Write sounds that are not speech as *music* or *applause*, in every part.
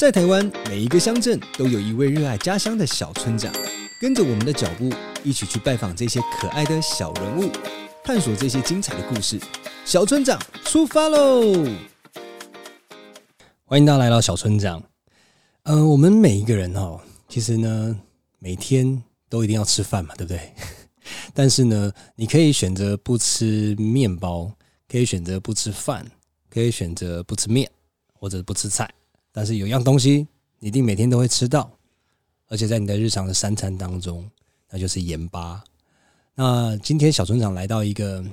在台灣，每一個鄉鎮都有一位熱愛家鄉的小村長。跟着我們的腳步，一起去拜訪這些可愛的小人物，探索這些精彩的故事。小村長出發嘍！歡迎大家來到小村長。嗯、呃，我們每一個人哦，其實呢，每天都一定要吃飯嘛，對不對？但是呢，你可以選擇不吃麵包，可以選擇不吃飯，可以選擇不吃麵，或者不吃菜。但是有一樣東西，你一定每天都會吃到，而且在你的日常的三餐當中，那就是鹽巴。那今天小村長來到一個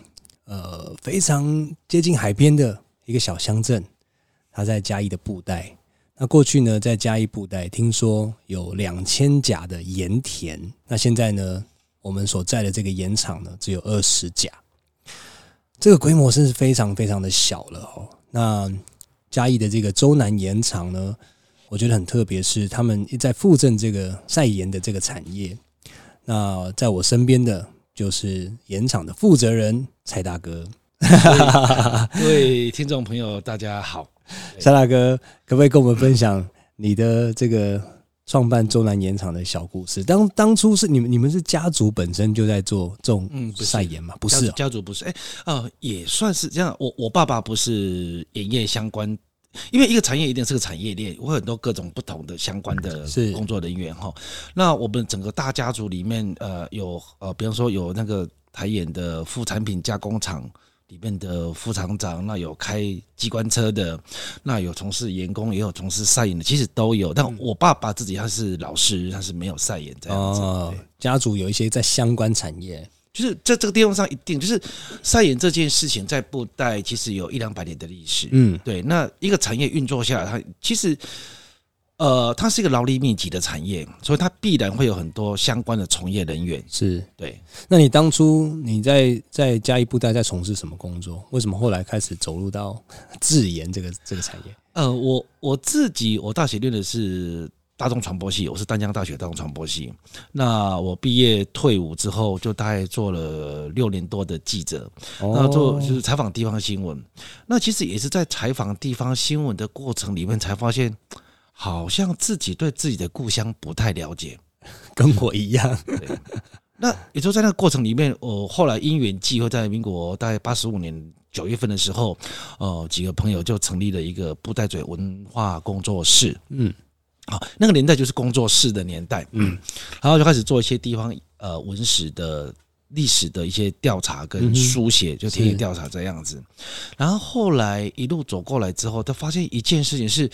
呃非常接近海邊的一個小鄉鎮，他在嘉義的布袋。那過去呢，在嘉義布袋聽說有兩千甲的鹽田，那現在呢，我們所在的這個鹽場呢，只有二十甲，這個規模真是非常非常的小了哦。那嘉義的這個洲南鹽場呢，我覺得很特別，是他們一直在復振這個曬鹽的這個產業。那在我身邊的就是鹽場的負責人蔡大哥。各位，各位聽眾朋友，大家好，蔡大哥，可不可以跟我們分享你的這個創辦洲南鹽場的小故事，當當初是你們，你們是家族本身就在做這種曬鹽嘛？不是，家族，家族不是，哎、欸呃，也算是這樣。我我爸爸不是鹽業相關，因為一個產業一定是個產業鏈，我有很多各種不同的相關的工作人員哈。那我們整個大家族裡面，呃，有呃，比方說有那個台鹽的副產品加工廠。裡面的副廠長，那有開機關車的，那有從事員工，也有從事曬鹽的，其實都有。但我爸爸自己他是老師，他是沒有曬鹽的。哦，家族有一些在相關產業，就是在這個地方上一定就是曬鹽這件事情，在布袋其實有一兩百年的歷史。嗯，對。那一個產業運作下來，它其實。呃，它是一個勞力密集的產業，所以它必然會有很多相關的從業人員。是，對。那你當初你在在嘉義布袋在從事什麼工作？為什麼後來開始走入到製鹽這個這個產業？呃，我我自己，我大學念的是大眾傳播系，我是淡江大學大眾傳播系。那我畢業退伍之後，就大概做了六年多的記者，哦、然後做就是採訪地方新聞。那其實也是在採訪地方新聞的過程裡面，才發現。好像自己對自己的故鄉不太了解，跟我一樣。 *laughs* 對笑那也就在那個過程裡面，我後來因緣際會，在民國大概八十五年九月份的時候，呃，幾個朋友就成立了一個布袋嘴文化工作室。嗯，好，那個年代就是工作室的年代。嗯，然後就開始做一些地方呃文史的。歷史的一些調查跟書寫，嗯，就田野調查這樣子。然後後來一路走過來之後，他發現一件事情是，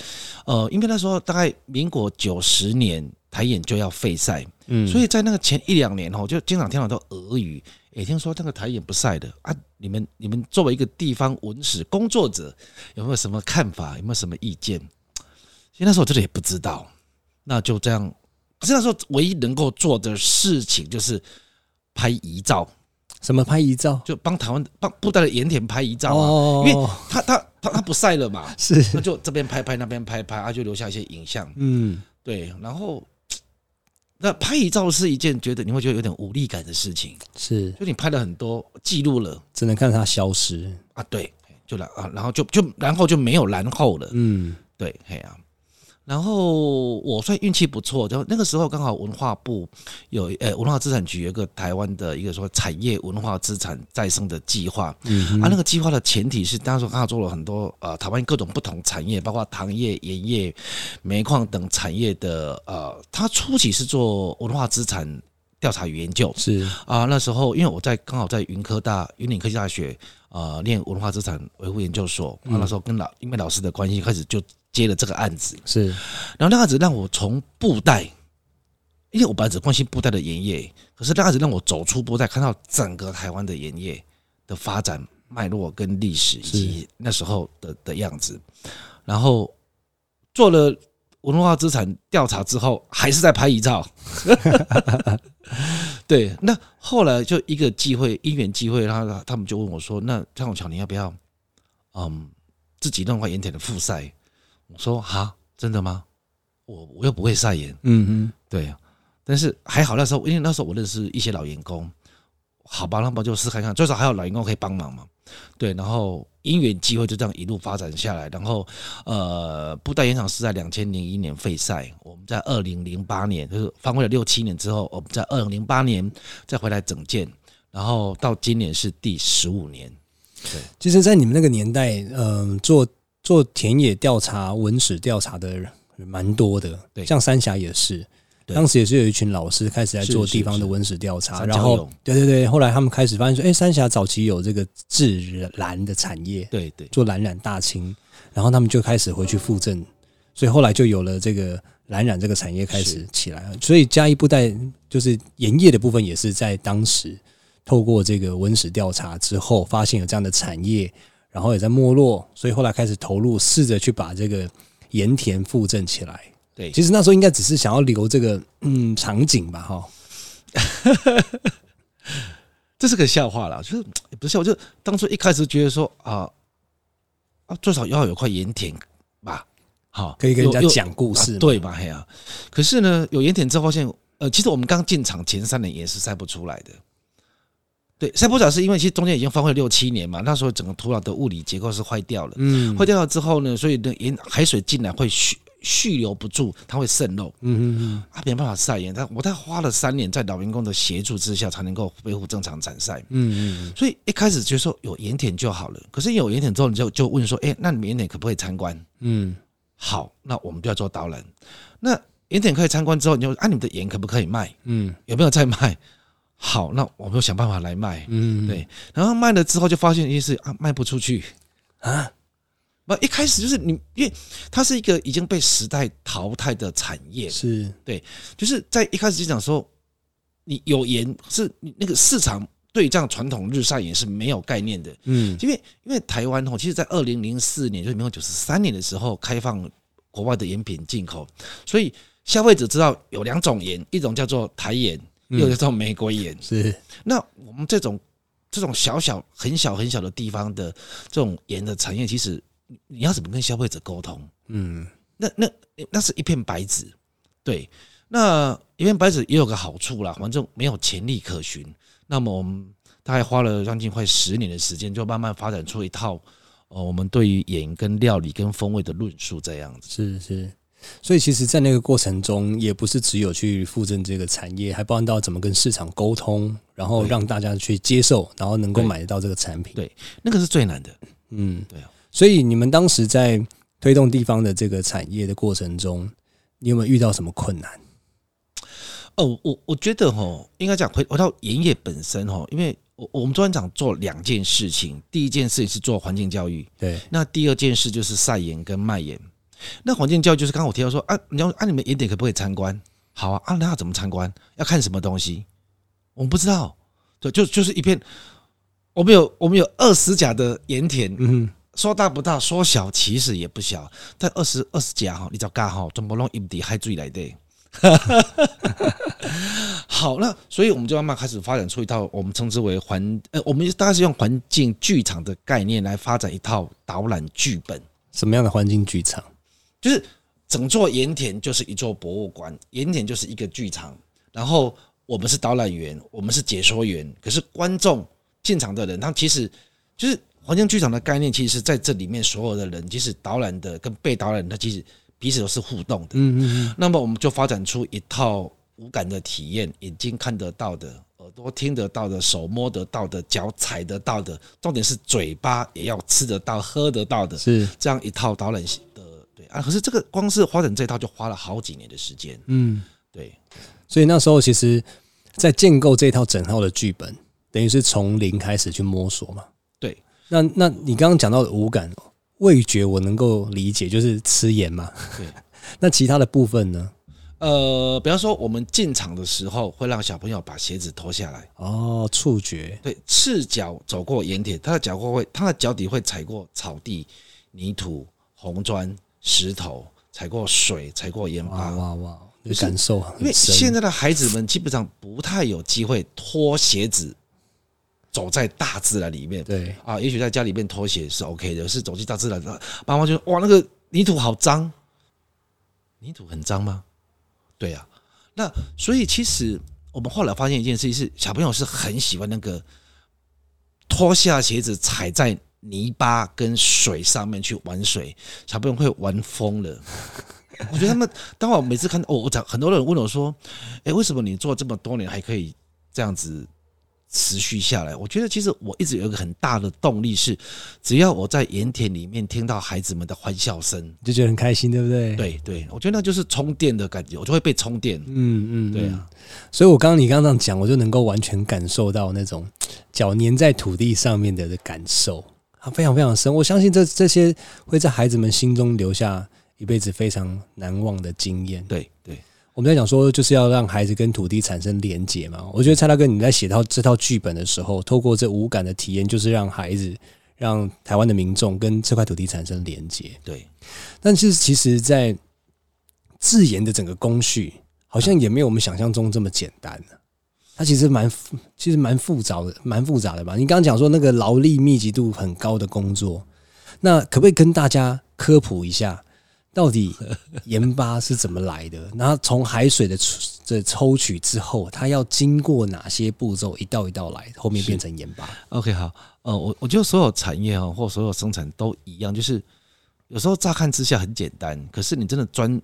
呃，因為那時候大概民國九十年，台鹽就要廢曬，嗯，所以在那個前一兩年我就經常聽到都耳語，也聽說這個台鹽不曬的啊。你們你們作為一個地方文史工作者，有沒有什麼看法？有沒有什麼意見？其實那時候真的也不知道，那就這樣。可是那時候唯一能夠做的事情就是。拍遺照，什麼拍遺照？就幫台灣幫布袋的鹽田拍遺照啊，哦、因為他他他他不曬了嘛，是，那就這邊拍拍那邊拍拍啊，就留下一些影像。嗯，對。然後，那拍遺照是一件覺得你會覺得有點無力感的事情，是，就你拍了很多記錄了，只能看到他消失啊。對，就然啊，然後就就然後就沒有然後了。嗯對，對，嘿，啊。然後我算運氣不錯，就那個時候剛好文化部有呃文化資產局有個台灣的一個說產業文化資產再生的計劃，啊那個計劃的前提是當時候剛好做了很多呃台灣各種不同產業，包括糖業、鹽業、煤礦等產業的呃，他初期是做文化資產調查與研究，是啊那時候因為我在剛好在雲科大雲林科技大學呃念文化資產維護研究所，啊那時候跟老因為老師的關係開始就。接了這個案子，是，然後那個案子讓我從布袋，因為我本來只關心布袋的鹽業，可是那個案子讓我走出布袋，看到整個台灣的鹽業的發展脈絡跟歷史以及那時候的的樣子。然後做了文化資產調查之後，還是在拍遺照。 *laughs* *laughs* 對，那後來就一個機會，因緣際會，他他們就問我說：“那張永強，你要不要？嗯，自己弄塊鹽田的復曬？”說哈，真的嗎？我我又不會曬鹽，嗯嗯，對。但是還好那時候，因爲那時候我認識一些老員工，好吧，那麼就試看看，最少還有老員工可以幫忙嘛，對。然後因緣機會就這樣一路發展下來，然後呃，布袋鹽場是在二零零一年廢曬，我們在二零零八年就是翻回了六七年之後，我們在二零零八年再回來整建，然後到今年是第十五年。對，其實，在你們那個年代，嗯、呃，做。做田野調查、文史調查的人蠻多的，對，像三峽也是對，當時也是有一群老師開始在做地方的文史調查，是是是是然後對對對，後來他們開始發現說，哎，三峽早期有這個制藍的產業，對對，做藍染、大菁，然後他們就開始回去復證、嗯，所以後來就有了這個藍染這個產業開始起來了。所以嘉義布袋就是鹽業的部分，也是在當時透過這個文史調查之後，發現有這樣的產業。然後也在沒落，所以後來開始投入，試着去把這個鹽田復振起來。對，其實那時候應該只是想要留這個嗯場景吧，哈、哦， *laughs* 這是個笑話啦。就是也不是笑話，就當初一開始覺得說啊啊，最、啊、少要有塊鹽田吧，好可以跟人家講故事、啊，對吧？哎呀、啊，可是呢，有鹽田之後發現，呃，其實我們剛進場前三年也是曬不出來的。對，曬不着，塞是因為其實中間已經荒廢了六七年嘛。那時候整個土壤的物理結構是壞掉了，嗯，壞掉了之後呢，所以那鹽海水進來會蓄蓄留不住，它會滲漏，嗯嗯嗯，他、啊、沒辦法曬鹽。它我大概花了三年，在老員工的協助之下，才能夠恢復正常產曬。嗯哼哼，所以一開始就說有鹽田就好了。可是有鹽田之後，你就就問說，哎、欸，那你鹽田可不可以參觀？嗯，好，那我們就要做導覽。那鹽田可以參觀之後，你就啊，你們的鹽可不可以賣？嗯，有沒有在賣？好，那我們又想辦法來賣，嗯，嗯，對，然後賣了之後就發現一件事啊，賣不出去啊。那一開始就是你，因為它是一個已經被時代淘汰的產業，是對，就是在一開始就講說，你有鹽是那個市場對這樣傳統日曬鹽是沒有概念的，嗯，因為因為台灣其實，在二零零四年就是民國九十三年的時候開放國外的鹽品進口，所以消費者知道有兩種鹽，一種叫做台鹽。又有這種玫瑰鹽，嗯，是。那我們這種這種小小很小很小的地方的這種鹽的產業，其實你要怎麼跟消費者溝通？嗯，那，那那那是一片白紙，對。那一片白紙也有個好處啦，反正沒有前例可循。那麼我們大概花了將近快十年的時間，就慢慢發展出一套呃，我們對於鹽跟料理跟風味的論述，這樣子。是是。所以，其實，在那個過程中，也不是只有去附贈這個產業，還包含到怎麼跟市場溝通，然後讓大家去接受，然後能夠買得到這個產品。對，對，那個是最難的。嗯，對啊。所以，你們當時在推動地方的這個產業的過程中，你有沒有遇到什麼困難？哦，我我覺得齁，應該講回回到鹽業本身哦，因為我我們專長做兩件事情，第一件事是做環境教育，對，那第二件事就是曬鹽跟賣鹽。那環境教育就是剛剛我提到說啊，你要按你們鹽田，可不可以參觀？好啊，啊，那要怎麼參觀？要看什麼東西？我們不知道，對，就就是一片。我們有我們有二十甲的鹽田，嗯，說大不大，說小其實也不小。但二十二十甲哈，你找尬哈，怎麼弄一堆海水來的。好，那所以我們就慢慢開始發展出一套我們稱之為環呃，我們大概是用環境劇場的概念來發展一套導覽劇本。什麼樣的環境劇場？就是整座鹽田就是一座博物館，鹽田就是一個劇場，然後我們是導覽員，我們是解說員。可是觀眾進場的人，他其實就是環境劇場的概念，其實在這裡面所有的人，其實導覽的跟被導覽的，其實彼此都是互動的。嗯嗯。那麼我們就發展出一套五感的體驗：眼睛看得到的，耳朵聽得到的，手摸得到的，腳踩得到的，重點是嘴巴也要吃得到、喝得到的。是這樣一套導覽系。啊！可是這個光是發展這套就花了好幾年的時間。嗯，對。所以那時候其實，在建構這套整套的劇本，等於是從零開始去摸索嘛。對。那那你剛剛講到的五感，味覺我能夠理解，就是吃鹽嘛。對 *laughs* 那其他的部分呢？呃，比方說我們進場的時候，會讓小朋友把鞋子脫下來。哦，觸覺。對，赤腳走過鹽田，他的腳會他的腳底會踩過草地、泥土、紅磚。石頭踩過水，踩過鹽巴，哇哇！有感受，因為現在的孩子們基本上不太有機會脫鞋子走在大自然裡面。對啊，也許在家裡面脫鞋是 OK 的，是走進大自然的。媽媽就說：“哇，那個泥土好髒，泥土很髒嗎？”對呀，啊，那所以其實我們後來發現一件事情是，小朋友是很喜歡那個脫下鞋子踩在。泥巴跟水上面去玩水，小朋友會玩瘋了。我覺得他們，當我每次看到哦，我講很多人問我說：“誒、欸，為什麼你做這麼多年還可以這樣子持續下來？”我覺得其實我一直有一個很大的動力是，只要我在鹽田裡面聽到孩子們的歡笑聲，就覺得很開心，對不對？對對，我覺得那就是充電的感覺，我就會被充電。嗯嗯，對啊。所以我剛剛你剛剛這樣講，我就能夠完全感受到那種腳粘在土地上面的感受。啊，非常非常深，我相信這這些會在孩子們心中留下一輩子非常難忘的經驗。對對，我們在講說，就是要讓孩子跟土地產生連結嘛。我覺得蔡大哥你在寫到這套劇本的時候，嗯、透過這五感的體驗，就是讓孩子、讓台灣的民眾跟這塊土地產生連結。對，但是其實，其實在製鹽的整個工序，好像也沒有我們想象中這麼簡單。它其實蠻其實蠻複雜的，蠻複雜的吧？你剛剛講說那個勞力密集度很高的工作，那可不可以跟大家科普一下，到底鹽巴是怎麼來的？然後從海水的抽取之後，它要經過哪些步驟，一道一道來，後面變成鹽巴？OK，好，呃、嗯，我我覺得所有產業啊，或所有生產都一樣，就是有時候乍看之下很簡單，可是你真的鑽。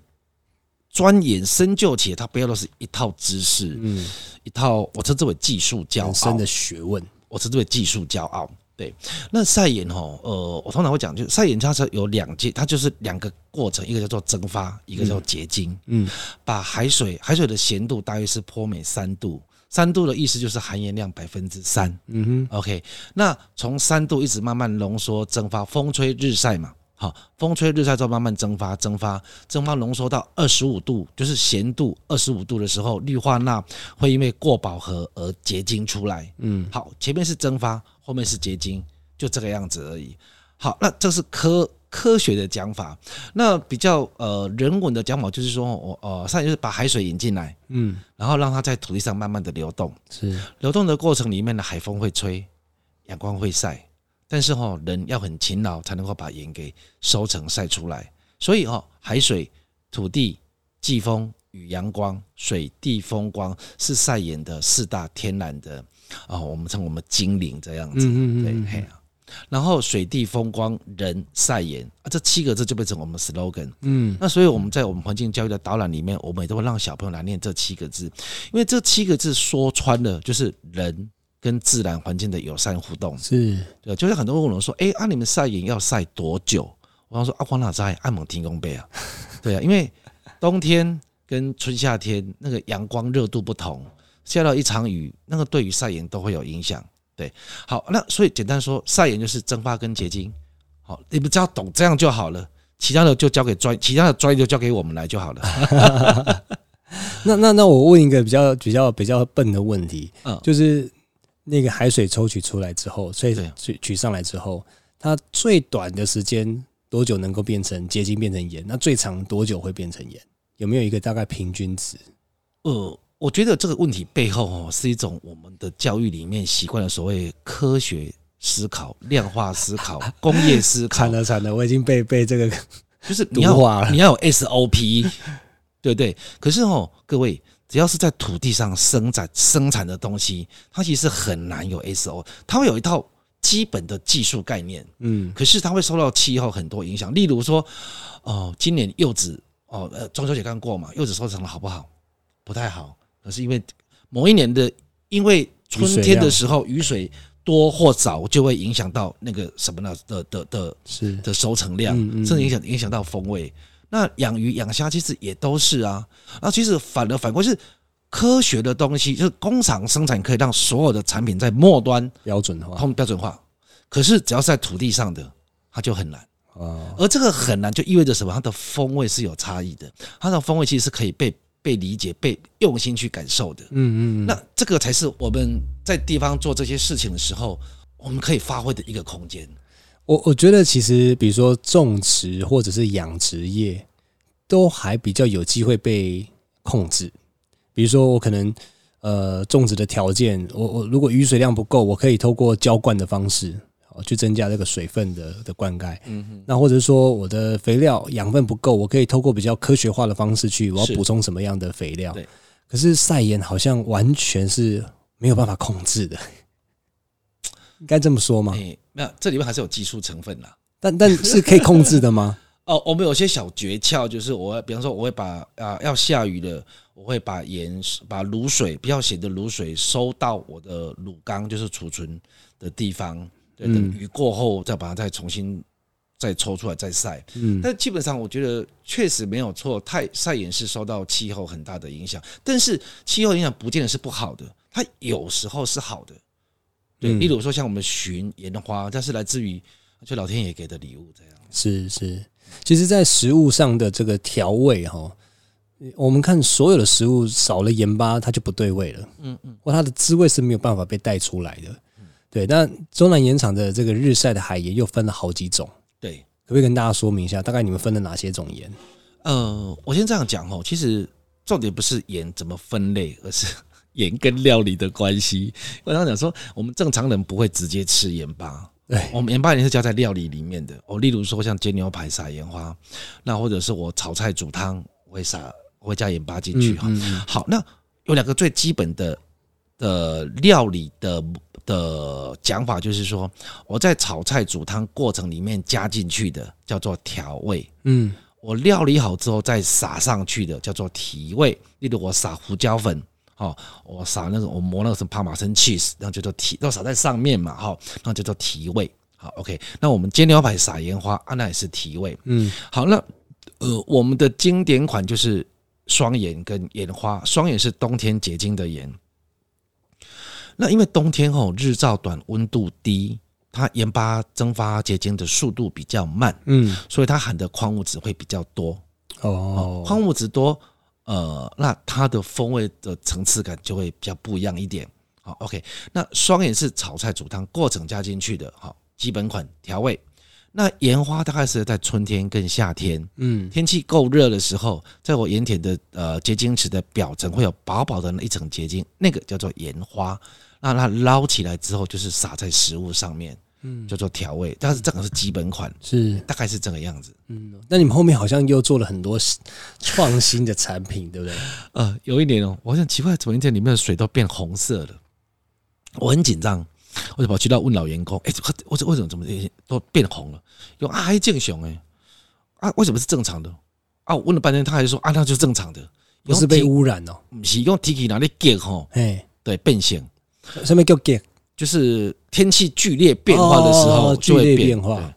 鑽研深究且它不要的是一套知識，嗯，一套我稱之為技術驕傲，很深的學問，我稱之為技術驕傲。對，那曬鹽哦，呃，我通常會講，就曬鹽它是有兩件，它就是兩個過程，一個叫做蒸發，一個叫結晶。嗯，把海水，海水的鹹度大約是波美三度，三度，三度的意思就是含鹽量百分之三。嗯哼，OK，那從三度一直慢慢濃縮蒸發，風吹日曬嘛。好，風吹日曬，之後慢慢蒸發，蒸發，蒸發，濃縮到二十五度，就是鹹度二十五度的時候，氯化鈉會因為過飽和而結晶出來。嗯，好，前面是蒸發，後面是結晶，就這個樣子而已。好，那這是科科學的講法，那比較呃人文的講法就是說我呃，上一次把海水引進來，嗯，然後讓它在土地上慢慢的流動，是流動的過程裡面的海風會吹，陽光會曬。但是哈，人要很勤勞才能夠把鹽給收成、曬出來。所以哈，海水、土地、季風與陽光、水地風光是曬鹽的四大天然的啊。我們稱我們“精靈”這樣子，對，然後水地風光人曬鹽啊，這七個字就變成我們 slogan。嗯，那所以我們在我們環境教育的導覽裡面，我們也都會讓小朋友來念這七個字，因為這七個字說穿了就是人。跟自然環境的友善互動是，對，就是很多人問我說：“哎、欸，那、啊、你們曬鹽要曬多久？”我剛說：“阿黃老師，愛蒙天公背啊，對啊，因為冬天跟春夏天那個陽光熱度不同，下到一場雨，那個對於曬鹽都會有影響。對，好，那所以簡單說，曬鹽就是蒸發跟結晶。好，你們只要懂這樣就好了，其他的就交給專，其他的專業就交給我們來就好了。 *laughs* 那那那我問一個比較比較比較，比較笨的問題，哦、就是。那個海水抽取出來之後，所以取取上來之後，它最短的時間多久能夠變成結晶變成鹽？那最長多久會變成鹽？有沒有一個大概平均值？呃，我覺得這個問題背後哦是一種我們的教育裡面習慣的所謂科學思考、量化思考、工業思考。慘了慘了，我已經被被這個就是你要化了，你要有 SOP，對不對？可是哦，各位。只要是在土地上生產生產的東西，它其實很難有 S O，它會有一套基本的技術概念。嗯，可是它會受到氣候很多影響。例如說，哦，今年柚子，哦，呃，中秋節剛過嘛，柚子收成了好不好？不太好，可是因為某一年的，因為春天的時候雨水、啊、雨水多或少，就會影響到那個什麼呢？的的的是的收成量，嗯嗯甚至影響影響到風味。那養魚養蝦其實也都是啊，那其實反而反過是科學的東西，就是工廠生產可以讓所有的產品在末端標準化、通標準化。可是只要是在土地上的，它就很難啊。而這個很難就意味着什麼？它的風味是有差異的，它的風味其實是可以被被理解、被用心去感受的。嗯嗯。那這個才是我們在地方做這些事情的時候，我們可以發揮的一個空間。我我覺得其實，比如說種植或者是養殖業，都還比較有機會被控制。比如說，我可能呃種植的條件，我我如果雨水量不夠，我可以透過澆灌的方式，去增加這個水分的的灌溉。嗯哼。那或者說我的肥料養分不夠，我可以透過比較科學化的方式去，我要補充什麼樣的肥料。對，可是曬鹽好像完全是沒有辦法控制的。應該這麼說嗎，欸？沒有，這裡面還是有技術成分的，但但是可以控制的嗎？ *laughs* 哦，我們有些小訣竅，就是我，比方說，我會把啊、呃、要下雨了，我會把鹽、把滷水，不要鹹的滷水，收到我的滷缸，就是儲存的地方。等、嗯、雨過後，再把它再重新再抽出來再曬。嗯，但基本上我覺得確實沒有錯，太曬鹽是受到氣候很大的影響，但是氣候影響不見得是不好的，它有時候是好的。對，例如說像我們尋鹽花，它是來自於就老天爺給的禮物這樣。是是，其實，在食物上的這個調味哈，我們看所有的食物少了鹽巴，它就不對味了。嗯嗯，或它的滋味是沒有辦法被帶出來的。對，那洲南鹽場的這個日曬的海鹽又分了好幾種。對，可不可以跟大家說明一下，大概你們分了哪些種鹽？呃，我先這樣講哦，其實重點不是鹽怎麼分類，而是。鹽跟料理的關係，我剛剛講說，我們正常人不會直接吃鹽巴，對，我們鹽巴也是加在料理裡面的哦。例如說，像煎牛排撒鹽花，那或者是我炒菜煮湯會撒，我會加鹽巴進去哈。好，好，那有兩個最基本的的料理的的講法，就是說我在炒菜煮湯過程裡面加進去的叫做調味，嗯，我料理好之後再撒上去的叫做提味。例如我撒胡椒粉。好、哦，我撒那種，我磨那個什麼帕瑪森 cheese，那就叫做提，要撒在上面嘛，哈、哦，那就叫提味。好，OK，那我們煎牛排撒鹽花，那也是提味。嗯，好，那呃，我們的經典款就是雙鹽跟鹽花。雙鹽是冬天結晶的鹽。那因為冬天吼、哦、日照短，溫度低，它鹽巴蒸發結晶的速度比較慢，嗯，所以它含的礦物質會比較多。哦，哦、礦物質多。呃，那它的風味的層次感就會比較不一樣一點。好，OK，那霜鹽是炒菜煮湯過程加進去的，好，基本款調味。那鹽花大概是在春天跟夏天，嗯，天氣夠熱的時候，在我鹽田的呃結晶池的表層會有薄薄的那一層結晶，那個叫做鹽花。那它撈起來之後，就是撒在食物上面，叫做調味，但是這個是基本款，是大概是這個樣子。嗯，那你們後面好像又做了很多創新的產品， *laughs* 對不對？呃，有一年哦、喔，我好像奇怪，桶一天裡面的水都變紅色了，我很緊張，我就跑去到問老員工，哎、欸，我我為什麼怎麼、欸、都變紅了？用阿海建雄哎，啊，為什麼是正常的？啊，我問了半天，他還是說啊，那就是正常的，不是被污染哦、喔，不是用機器哪裡結吼？哎，對，變形，什麼叫結？就是天氣劇烈變化的時候就會變、哦，劇烈變化，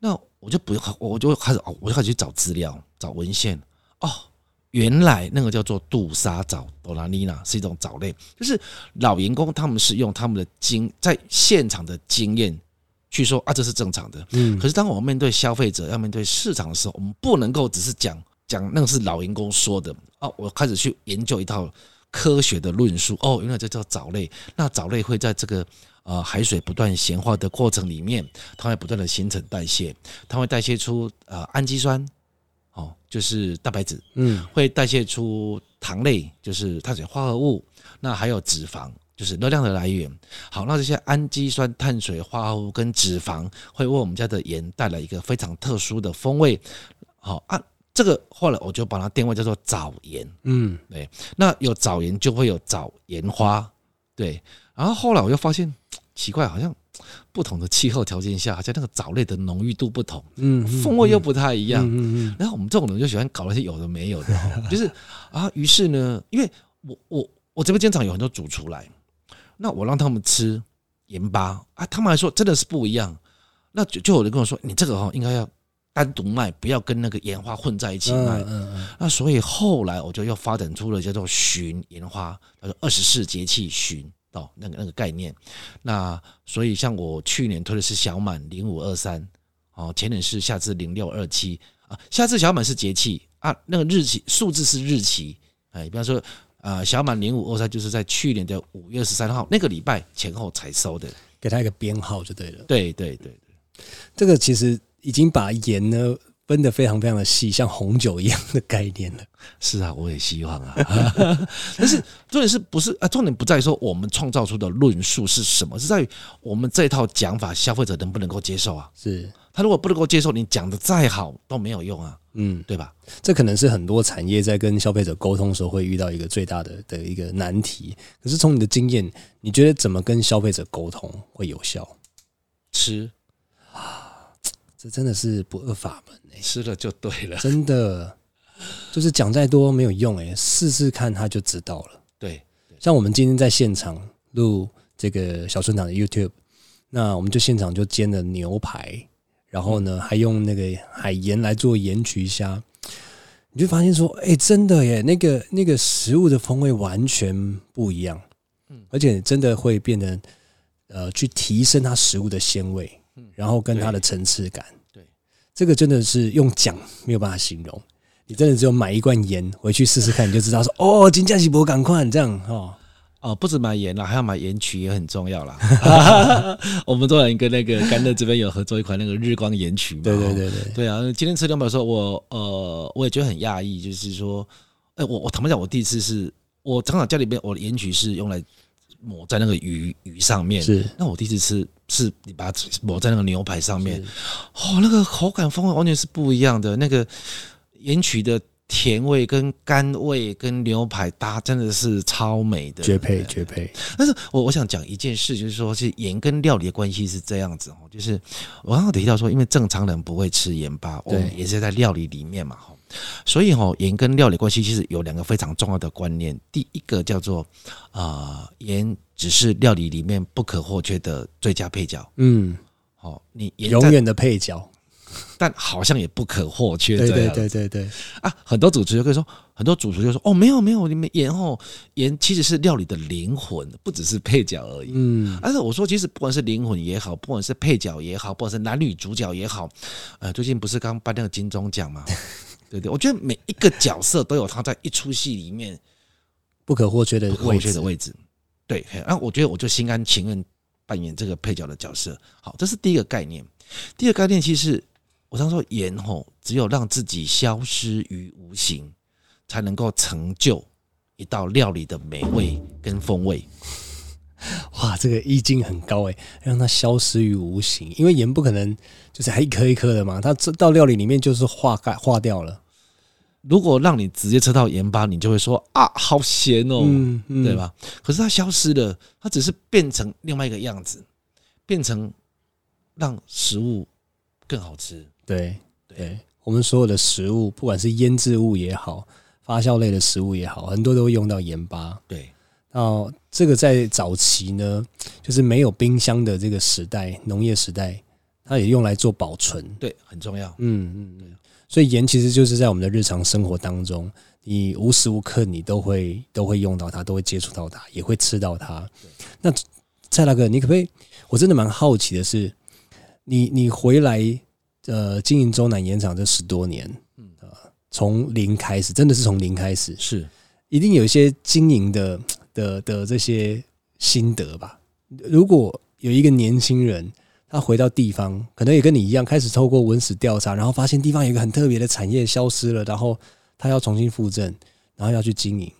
那我就不，我就開始哦，我就開始去找資料，找文獻。哦，原來那個叫做杜莎藻，朵拉尼娜是一種藻類。就是老員工他們是用他們的經在現場的經驗去說啊，這是正常的。嗯、可是當我面對消費者，要面對市場的時候，我們不能夠只是講講那個是老員工說的。哦，我開始去研究一套。科學的論述哦，原來這叫藻類。那藻類會在這個呃海水不斷鹹化的過程裡面，它會不斷的形成代謝，它會代謝出呃氨基酸，哦，就是蛋白質，嗯，會代謝出糖類，就是碳水化合物，那還有脂肪，就是熱量的來源。好，那這些氨基酸、碳水化合物跟脂肪，會為我們家的鹽帶來一個非常特殊的風味。好、哦、啊。這個後來我就把它定位叫做藻鹽，嗯，對，那有藻鹽就會有藻鹽花，對。然後後來我又發現奇怪，好像不同的氣候條件下，好像那個藻類的濃郁度不同，嗯，嗯，風味又不太一樣。嗯嗯嗯嗯，然後我們這種人就喜歡搞那些有的沒有的，就是啊，於是呢，因為我我我這邊經常有很多主廚來，那我讓他們吃鹽巴啊，他們還說真的是不一樣。那就就有人跟我說，你這個哦應該要單獨賣，不要跟那個鹽花混在一起賣。嗯，嗯嗯，那所以後來我就又發展出了叫做“旬鹽花”，他說二十四節氣旬哦，那個那個概念。那所以像我去年推的是小滿零五二三，哦，前年是夏至零六二七啊。夏至小滿是節氣啊，那個日期數字是日期。哎，比方說，啊，小滿零五二三就是在去年的五月二十三號那個禮拜前後才收的。給他一個編號就對了。對對對對，這個其實。已經把鹽呢分得非常非常的細，像紅酒一樣的概念了。是啊，我也希望啊。 *laughs* *laughs* 但是 *laughs* 重點是不是啊？重點不在於說我們創造出的論述是什麼，是在於我們這套講法，消費者能不能夠接受啊？是他如果不能夠接受，你講的再好都沒有用啊。嗯，對吧？這可能是很多產業在跟消費者溝通的時候會遇到一個最大的的一個難題。可是從你的經驗，你覺得怎麼跟消費者溝通會有效？吃。這真的是不二法門，吃了就對了。真的，就是講再多沒有用哎，試試看他就知道了。對，像我們今天在現場錄這個小村長的 YouTube，那我們就現場就煎了牛排，然後呢還用那個海鹽來做鹽焗蝦，你就發現說，哎，真的耶，欸，那個那個食物的風味完全不一樣，而且真的會變成呃，去提升它食物的鮮味。然後跟它的層次感，對，對，這個真的是用講沒有辦法形容，你真的只有買一罐鹽回去試試看，你就知道說哦，金價喜博，趕快這樣哦哦。不止買鹽了，還要買鹽曲也很重要啦 *laughs* *laughs* 我們洲南跟那個甘樂這邊有合作一款那個日光鹽曲嘛？對對對對，對啊，今天吃兩百的時候我呃，我也覺得很訝異，就是說，哎、欸，我我坦白講，我第一次是我常常家裡邊我的鹽曲是用來。抹在那個魚魚上面，是那我第一次吃，是你把它抹在那個牛排上面，哦，那個口感風味完全是不一樣的。那個鹽麴的甜味跟甘味跟牛排搭真的是超美的絕配，對對，絕配。但是我我想講一件事，就是說，是鹽跟料理的關係是這樣子哦，就是我剛剛提到說，因為正常人不會吃鹽巴，哦，也是在料理裡面嘛所以吼、哦、鹽跟料理關係其實有兩個非常重要的觀念。第一個叫做啊，鹽、呃、只是料理裡面不可或缺的最佳配角。嗯，好、哦，你永遠的配角，但好像也不可或缺。對對對對對，對啊，很多主廚就會說，很多主廚就說哦，沒有沒有，你們鹽哦，鹽其實是料理的靈魂，不只是配角而已。嗯，而且我說，其實不管是靈魂也好，不管是配角也好，不管是男女主角也好，呃，最近不是剛頒那個金鐘獎嘛？ *laughs* 對對，我覺得每一個角色都有他在一出戲裡面 *laughs* 不可或缺的位置或缺的位置。對，然、嗯、後我覺得我就心甘情願扮演這個配角的角色。好，這是第一個概念。第二個概念，其實我常說，鹽哦，只有讓自己消失於無形，才能夠成就一道料理的美味跟風味。哇，這個意境很高哎，讓它消失於無形，因為鹽不可能就是還一顆一顆的嘛，它這到料理裡面就是化干化掉了。如果讓你直接吃到鹽巴，你就會說啊，好鹹哦、喔、嗯嗯，對吧？可是它消失了，它只是變成另外一個樣子，變成讓食物更好吃。對，對，對我們所有的食物，不管是醃製物也好，發酵類的食物也好，很多都會用到鹽巴。對，哦，這個在早期呢，就是沒有冰箱的這個時代，農業時代，它也用來做保存。對，很重要。嗯嗯。.所以鹽其實就是在我們的日常生活當中，你無時無刻你都會都會用到它，都會接觸到它，也會吃到它。那蔡大哥，你可不可以？我真的蠻好奇的是，你你回來呃經營洲南鹽場，這十多年，嗯、呃、從零開始，真的是從零開始，嗯、是一定有一些經營的的的這些心得吧？如果有一個年輕人。他、啊、回到地方，可能也跟你一樣，開始透過文史調查，然後發現地方有一個很特別的產業消失了，然後他要重新復振，然後要去經營。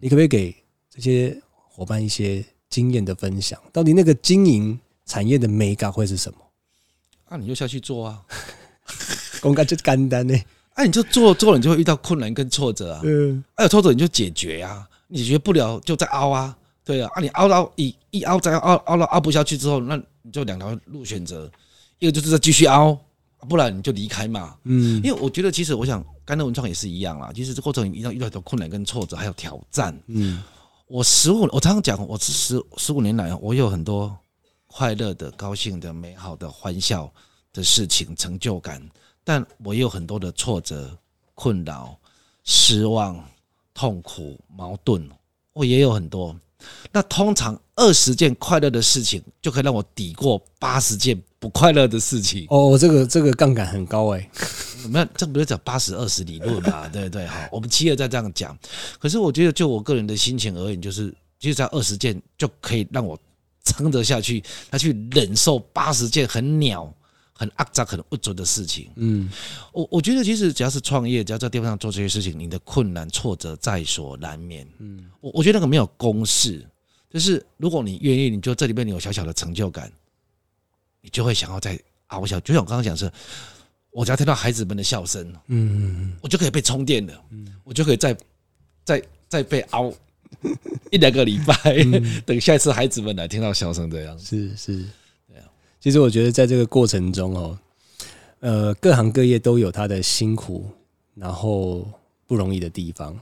你可不可以給這些夥伴一些經驗的分享？到底那個經營產業的美感會是什麼？那、啊、你就下去做啊，公干就干單呢。那、啊、你就做做了，你就會遇到困難跟挫折啊。嗯，哎，有挫折你就解決啊，解決不了就再凹啊。對啊，啊你凹到，一一凹再凹，凹到凹不下去之後，那。你就兩條路選擇，一個就是再繼續熬，不然你就離開嘛。嗯，因為我覺得其實我想剛才文創也是一樣啦。其實這過程一遇到遇到很多困難跟挫折，還有挑戰，嗯，我十五我常常講我十十五年來，我有很多快樂的、高興的、美好的歡笑的事情、成就感，但我也有很多的挫折、困擾、失望、痛苦、矛盾。我也有很多，那通常二十件快樂的事情，就可以讓我抵過八十件不快樂的事情。哦，這個這個槓桿很高哎，欸，沒有，這不叫八十二十理論嘛？ *laughs* 對不對哈，我們七月在這樣講。可是我覺得，就我個人的心情而言，就是，其實二十件就可以讓我撐得下去，他去忍受八十件很鳥。很骯髒、很齷齪的事情。嗯，我我覺得其實只要是創業，只要在地方上做這些事情，你的困難、挫折在所難免。嗯，我我覺得那個沒有公式，就是如果你願意，你就這裡面你有小小的成就感，你就會想要再熬小。就像我剛剛講的是，我只要聽到孩子們的笑聲，嗯，我就可以被充電了。嗯，我就可以再再再被熬、嗯、 *laughs* 一兩個禮拜，嗯、 *laughs* 等下一次孩子們來聽到笑聲，這樣是是。其實我覺得，在這個過程中哦，呃，各行各業都有他的辛苦，然後不容易的地方，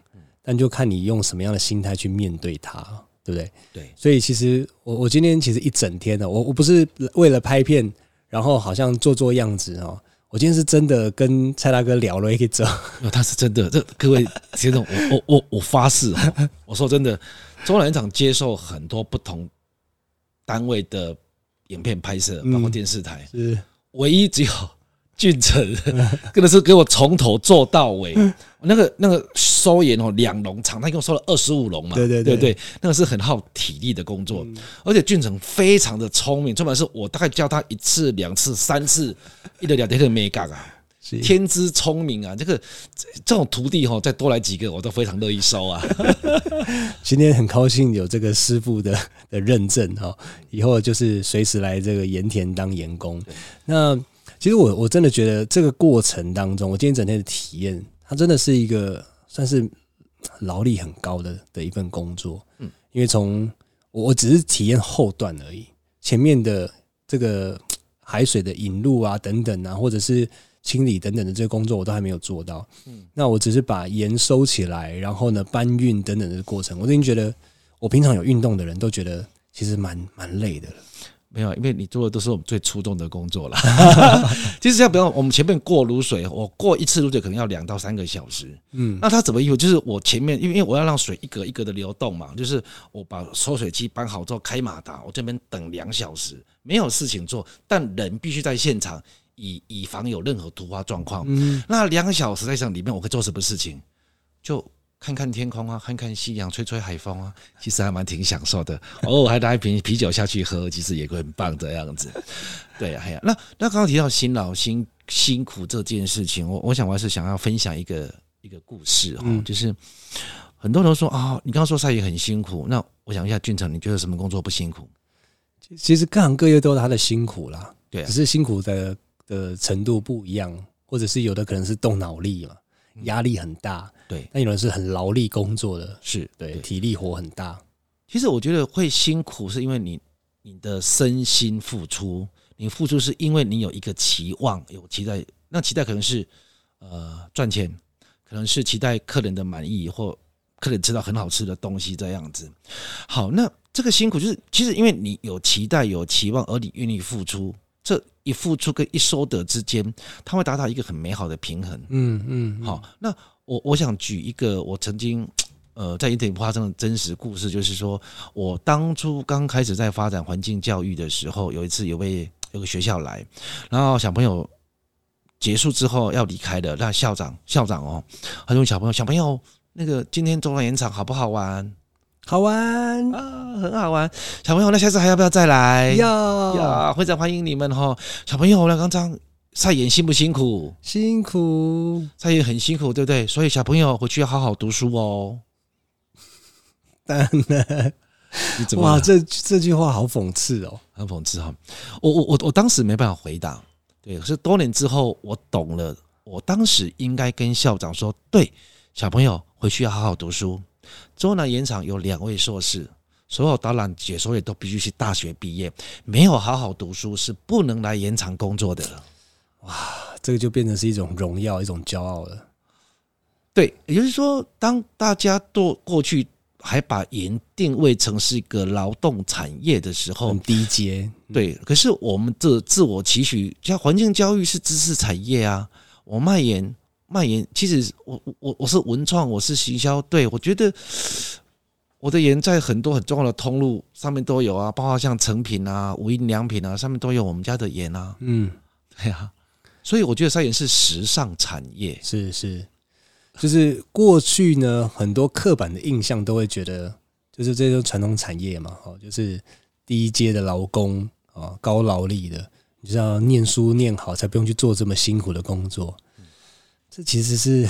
但就看你用什麼樣的心態去面對它，對不對？對。所以，其實我我今天其實一整天呢、哦，我我不是為了拍片，然後好像做做樣子哦。我今天是真的跟蔡大哥聊了一陣，他、哦、是真的。這各位其實 *laughs* 我我我我發誓、哦，我說真的，洲南鹽場接受很多不同單位的。影片拍攝包括電視台、嗯、唯一只有俊成，真、嗯、的是給我從頭做到尾、嗯、那個那個收鹽哦兩壟場他一共收了二十五壟嘛，對對對，對，對，對那個是很耗體力的工作、嗯、而且俊成非常的聰明，專門是我大概教他一次兩次三次一個兩天就沒幹了、啊.天資聰明啊，這個這種徒弟齁，再多來幾個我都非常樂意收啊。 *laughs* 今天很高興有這個師傅的，的認證齁，以後就是隨時來這個鹽田當鹽工。那其實我我真的覺得這個過程當中，我今天整天的體驗，它真的是一個算是勞力很高的的一份工作。嗯，因為從我我只是體驗後段而已，前面的這個海水的引入啊等等啊，或者是。清理等等的這些工作我都還沒有做到，嗯，那我只是把鹽收起來，然後呢搬運等等的過程，我已經覺得我平常有運動的人都覺得其實蠻蠻累的了。沒有，因為你做的都是我們最粗重的工作了。 *laughs* 其實要不要我們前面過滷水，我過一次滷水可能要兩到三個小時，嗯，那他怎麼應付？就是我前面因為因為我要讓水一格一格的流動嘛，就是我把抽水機搬好之後開馬達，我這邊等兩小時，沒有事情做，但人必須在現場。以以防有任何突發狀況，嗯。那兩個小時在上裡面，我會做什麼事情？就看看天空啊，看看夕陽，吹吹海風啊。其實還蠻挺享受的。偶 *laughs* 爾、哦，還拿一瓶啤酒下去喝，其實也會很棒的樣子。 *laughs* 對呀，哎呀，那那剛剛提到辛勞、辛辛苦這件事情，我我想我還是想要分享一個一個故事哦，嗯。就是很多人說啊、哦，你剛剛說曬鹽很辛苦，那我想一下，俊成你覺得什麼工作不辛苦？其實各行各業都有他的辛苦啦，對、啊，只是辛苦的。的程度不一樣，或者是有的可能是動腦力了，壓力很大。對，但有人是很勞力工作的，是對體力活很大。其實我覺得會辛苦，是因為你你的身心付出，你付出是因為你有一個期望，有期待。那期待可能是呃賺錢，可能是期待客人的滿意或客人吃到很好吃的東西這樣子。好，那這個辛苦就是其實因為你有期待有期望，而你願意付出。一付出跟一收得之間，它會達到一個很美好的平衡。嗯嗯，嗯，好，那我我想舉一個我曾經呃在媒體發生的真實故事，就是說我當初剛開始在發展環境教育的時候，有一次有位有個學校來，然後小朋友結束之後要離開的，那校長校長哦，他說，小朋友小朋友，那個今天洲南鹽場好不好玩？好玩啊、哦，很好玩，小朋友，那下次還要不要再來？要，非常歡迎你們哈、哦。小朋友呢，那剛剛曬鹽辛不辛苦？辛苦，曬鹽很辛苦，對不對？所以小朋友回去要好好讀書哦。當然，你怎麼？哇，這這句話好諷刺哦，很諷刺哈、哦。我我我我當時沒辦法回答，對，可是多年之後我懂了，我當時應該跟校長說，對，小朋友回去要好好讀書。洲南鹽場有兩位碩士，所有導覽解說也都必須是大學畢業，沒有好好讀書是不能來鹽場工作的。哇，這個就變成是一種榮耀，一種驕傲了。對，也就是說，當大家都過去還把鹽定位成是一個勞動產業的時候，很低階。對，可是我們的自我期許，像環境教育是知識產業啊，我賣鹽。蔓延，其實我我我是文創，我是行銷，對，我覺得我的鹽在很多很重要的通路上面都有啊，包括像成品啊、無印良品啊，上面都有我們家的鹽啊。嗯，對啊，所以我覺得曬鹽是時尚產業，是是，就是過去呢，很多刻板的印象都會覺得，就是這種傳統產業嘛，哦，就是低階的勞工啊，高勞力的，你知道，念書念好，才不用去做這麼辛苦的工作。這其實是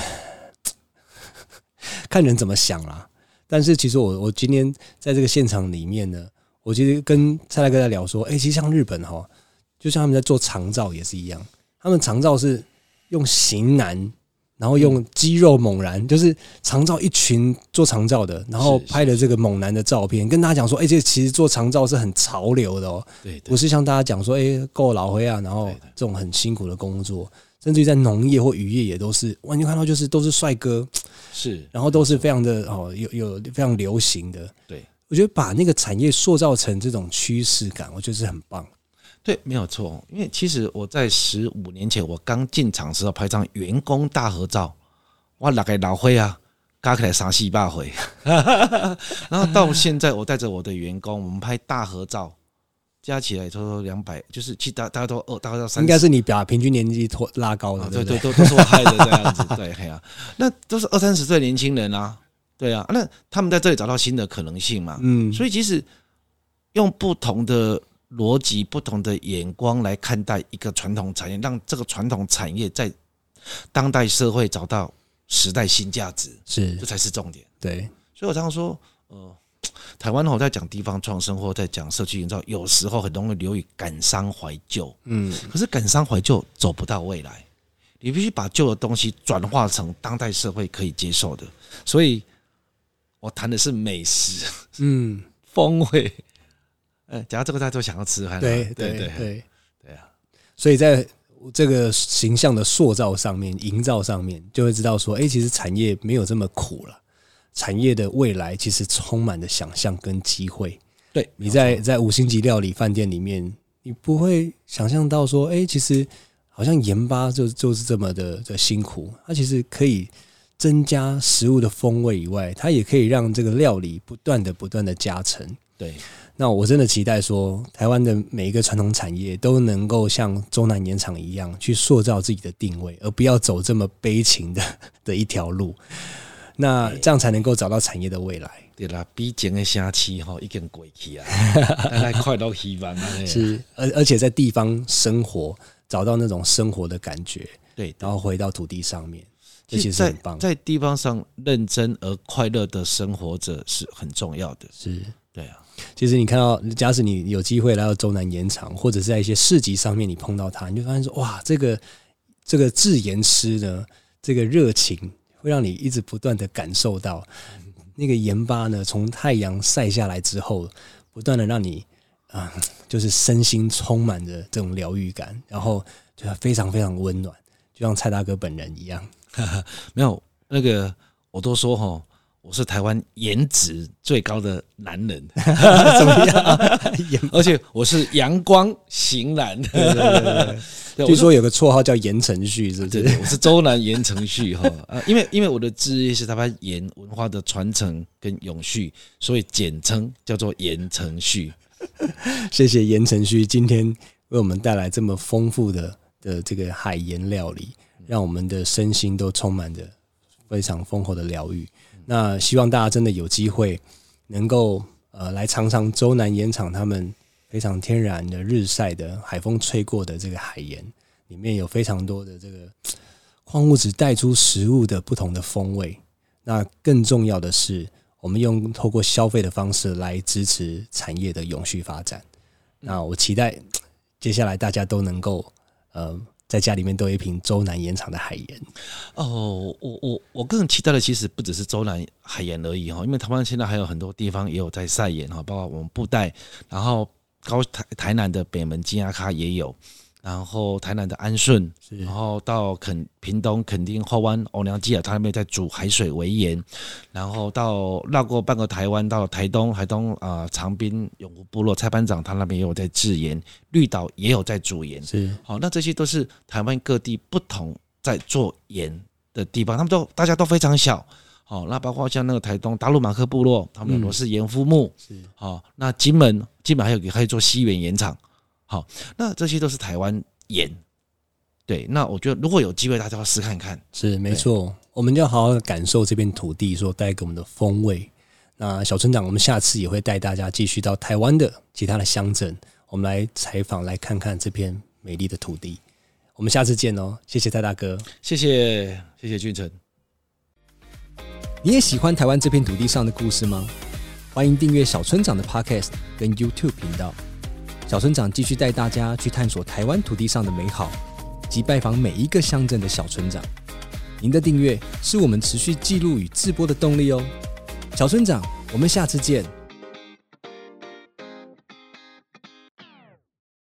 看人怎麼想啦。但是其實我我今天在這個現場裡面呢，我其實跟蔡大哥在聊說，哎，其實像日本哈、哦，就像他們在做長照也是一樣，他們長照是用型男，然後用肌肉猛男、嗯，就是長照一群做長照的，然後拍了這個猛男的照片，跟大家講說，哎，這其實做長照是很潮流的哦，對對，不是像大家講說，哎，夠老黑啊，然後這種很辛苦的工作。甚至於在農業或漁業也都是，完全看到就是都是帥哥，是，然後都是非常的哦，有有非常流行的。對，我覺得把那個產業塑造成這種趨勢感，我覺得是很棒。對，沒有錯。因為其實我在十五年前我剛進場的時候拍張員工大合照，哇，那個老灰啊，加起來三四百回。然後到現在我帶着我的員工，我們拍大合照，加起來差不多兩百，就是其實大大家都二，大概到三，應該是你把平均年紀拖拉高了，對對，對，都 *laughs* 都是我害的這樣子，對，呀、啊，那都是二三十歲年輕人啊，對啊，那他們在這裡找到新的可能性嘛，嗯，所以其實用不同的邏輯、不同的眼光來看待一個傳統產業，讓這個傳統產業在當代社會找到時代新價值，是，這才是重點，對。所以我常常說，呃。台灣我在講地方創生，或在講社區營造，有時候很容易流於感傷懷舊。嗯，可是感傷懷舊走不到未來，你必須把舊的東西轉化成當代社會可以接受的。所以，我談的是美食，嗯，風味。嗯，講到這個，大家都想要吃，對對對對對啊！啊，所以在這個形象的塑造上面、營造上面，就會知道說，哎，其實產業沒有這麼苦了。產業的未來其實充滿着想象跟機會。對，你在在五星級料理飯店裡面，你不會想象到說，哎、欸，其實好像鹽巴就是、就是這麼的的辛苦。它其實可以增加食物的風味以外，它也可以讓這個料理不斷的不斷的加成。對，那我真的期待說，台灣的每一個傳統產業都能夠像洲南鹽場一樣，去塑造自己的定位，而不要走這麼悲情的的一條路。那這樣才能夠找到產業的未來。對啦，比整個下期哈，一根鬼去啊，快到稀飯了。是，而且在地方生活，找到那種生活的感覺，對，對，對，然後回到土地上面，這其實很棒。在地方上認真而快樂的生活着是很重要的。是，對啊。其實你看到，假使你有機會來到洲南鹽場，或者是在一些市集上面，你碰到他，你就發現說，哇，這個這個制鹽師呢，這個熱情。會讓你一直不斷的感受到那個鹽巴呢，從太陽曬下來之後，不斷的讓你啊，就是身心充滿着這種療癒感，然後就非常非常溫暖，就像蔡大哥本人一樣。 *laughs* 沒有那個，我都說哦。我是台灣顏值最高的男人， *laughs* 怎麼樣？ *laughs* 而且我是陽光型男 *laughs* 對對對對對對對。據說有個綽號叫言承旭，是不是？我是周南言承旭哈。因為因為我的職業是台灣鹽文化的傳承跟永續，所以簡稱叫做言承旭。 *laughs* 謝謝言承旭今天為我們帶來這麼豐富的的這個海鹽料理，讓我們的身心都充滿着非常豐厚的療癒。那希望大家真的有機會能，能夠呃來嘗嘗洲南鹽場他們非常天然的日曬的海風吹過的這個海鹽，裡面有非常多的這個礦物質帶出食物的不同的風味。那更重要的是，我們用透過消費的方式來支持產業的永續發展。那我期待接下來大家都能夠呃。在家裡面都有一瓶洲南鹽場的海鹽哦，我我我更期待的其實不只是洲南海鹽而已哈，因為台灣現在還有很多地方也有在曬鹽哈，包括我們布袋，然後高台台南的北門井仔腳也有。然後台南的安順，然後到墾屏東墾丁後灣歐良基啊，他那邊在煮海水為鹽，然後到繞過半個台灣到台東台東啊、呃、長濱永福部落蔡班長他那邊也有在制鹽，綠島也有在煮鹽，是好、哦、那這些都是台灣各地不同在做鹽的地方，他們都大家都非常小，好、哦、那包括像那個台東達魯馬克部落，他們有羅氏鹽膚木。嗯、是好、哦、那金門金門還有還可以做西園鹽場。好，那這些都是台灣鹽，對，那我覺得如果有機會，大家要試看看。是沒錯，我們就好好感受這片土地所帶給我們的風味。那小村長，我們下次也會帶大家繼續到台灣的其他的鄉鎮，我們來採訪，來看看這片美麗的土地。我們下次見哦，謝謝蔡大、大哥，謝謝謝謝俊成，你也喜歡台灣這片土地上的故事嗎？歡迎訂閱小村長的 Podcast 跟 YouTube 頻道。小村長繼續帶大家去探索台灣土地上的美好，及拜訪每一個鄉鎮的小村長。您的訂閱是我們持續記錄與製播的動力哦。小村長，我們下次見。